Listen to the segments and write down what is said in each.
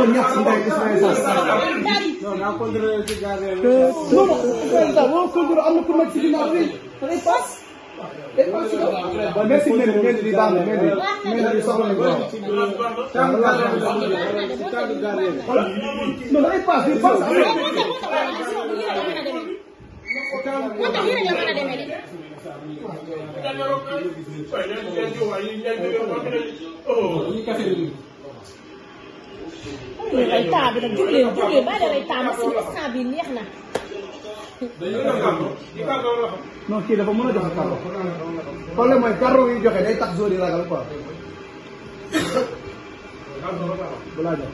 moo ñàkk Ndeye Ismaïla non non contre am na ku nekk ci ginnaaw bi day paas day paas waaw merci beaucoup merci di baax na merci di soxla nañu ko non day paas day paas am yooyu ay taa bi nag jug leen jug leen bàyyi leen ay taa machine instant bii neex na. non kii dafa mën a joxe carreau problème mooy carreau yi joxe day tax zone yi ragal quoi. bu laa jox.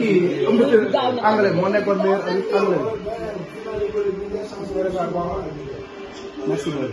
kii am na anglais moo nekkoon meilleur anglais. merci beaucoup.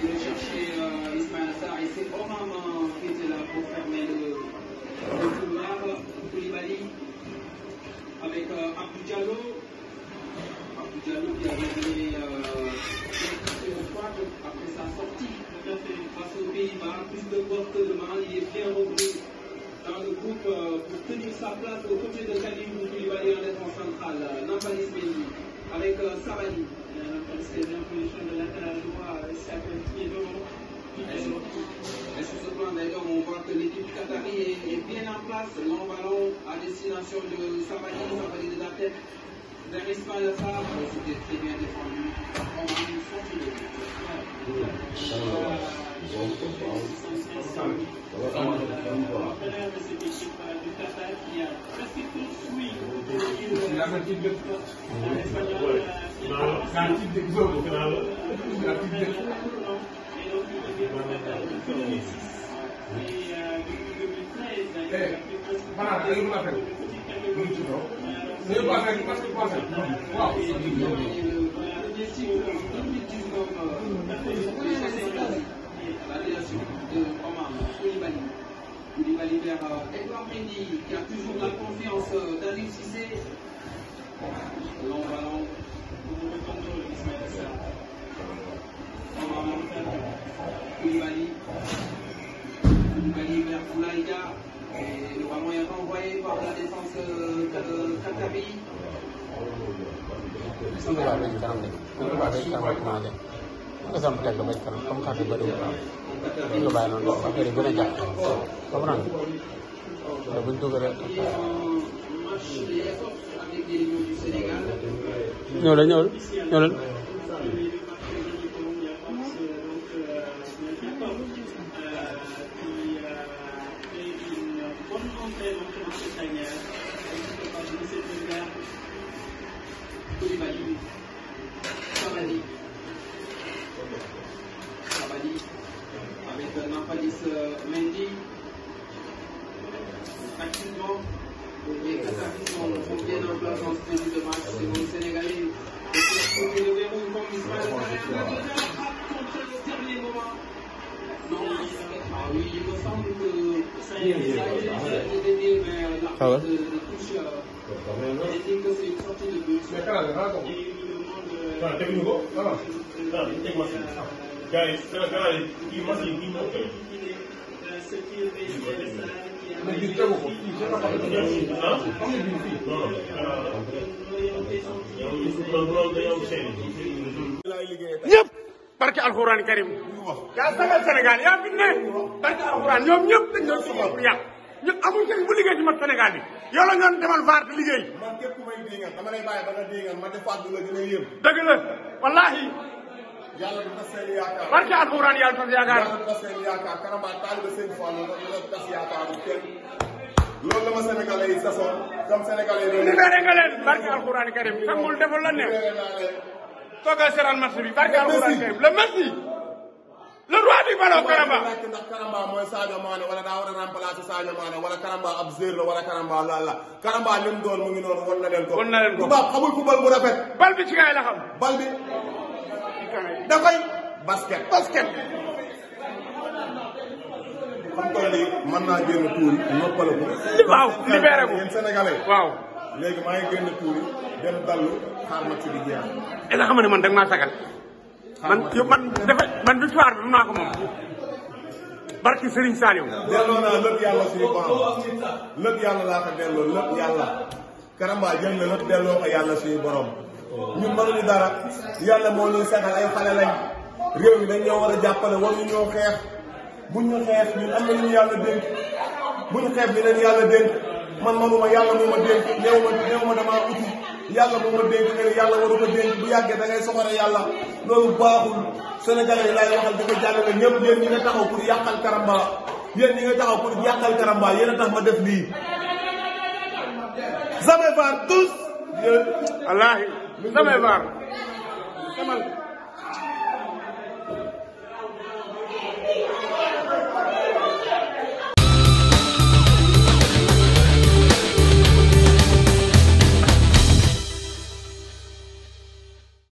groupe euh, pour tenir sa place aux côtés de Khalilou Koulibaly en défense centrale euh, Nampalys avec Sabaly. Nampalys qui de latéral droit euh, qui est devant. Et sur ce plan en place long ballon à destination de Sabaly Sabaly de la tête n'arrive pas à le faire c'était très bien défendu on a une faute garantie dëkk. garantie dëkk boobu. garantie dëkk. maanaam da ngeen mën a fekk. mu ngi ci kaw. mais boo xam ne parce que boo euh, xam ne. waaw. qui a toujours la confiance d'un réussir tattari sun gaba bai karam ne sun gaba bai karam kuma ne Sabaly Sabaly avec Nampalys Mendy activement les Qataris sont bien en place en ce début de match c'est bon Sénégalais et le verrou comme Ismaël Ah ouais mais canal bi xanaa ko. waaw teguñu ko waaw. waaw dañu teg machine bi. gars yi canal yi kii machine bi moo koy. mais bii tegu ko. ah xam nga bii fii. non non. ñëpp barke alxuraan karim. yaa sagal Sénégal yaa fi ne. barke alxuraan ñoom ñëpp dañ doon soxla pour yàq. ñun amuñ kenn bu liggéey ci mat Sénégal bi yow la ñoon demal vaar di liggéey. man képp ku may dinga dama lay bàyyi ba nga dinga ma def fàttali la gën a la wallaahi. barke alxuraan yàlla tas yaakaar. yàlla du tas seen yaakaar kanam taaliba seen Fall la loolu la ma sénégalais yi sasoon comme sénégalais yi. libéré nga leen barke alxuraan karim. amul la neex. toogal seraan match karim le Messi. le roi du ballon Karamba mooy Sadio Mané wala daa war a remplacer Sadio Mané wala Karamba ab zéer la wala lim doon mu ngi noonu won na leen won na leen ko tubaab xamul football bu ci kaay la xam. bal basket basket. xam naa génn tuuri noppale ko. waaw waaw léegi maa ngi génn tuuri dem dallu xaar ma ci di jeex. et nga ne man da maa sagal. man man man du soir bi maa ko moom barki Serigne Saliou. delloo naa lépp yàlla suñu borom lépp yàlla laa ko delloo lépp yàlla. Karamba jël na lépp delloo ko yàlla suñu borom. ñun mënuñu dara yàlla moo ñuy saxal ay xale lañ réew mi dañ ñoo war a jàppale waruñu ñoo xeex buñ ñu xeex ñun am nañu yàlla dénk buñ xeex dinañ yàlla dénk man manuma yàlla mu ma dénk néew damaa uti. yàlla moo ma dénk nga ne yàlla waru ko dénk bu yàggee da ngay soxore yàlla loolu baaxul sénégalais yi laay waxal di ko jàngale ñëpp yéen ñi nga taxaw pour yàqal karamba yéen ñi nga taxaw pour yàqal karamba yéen a tax ma def lii jamais var tous. yéen. wallaahi jamais var.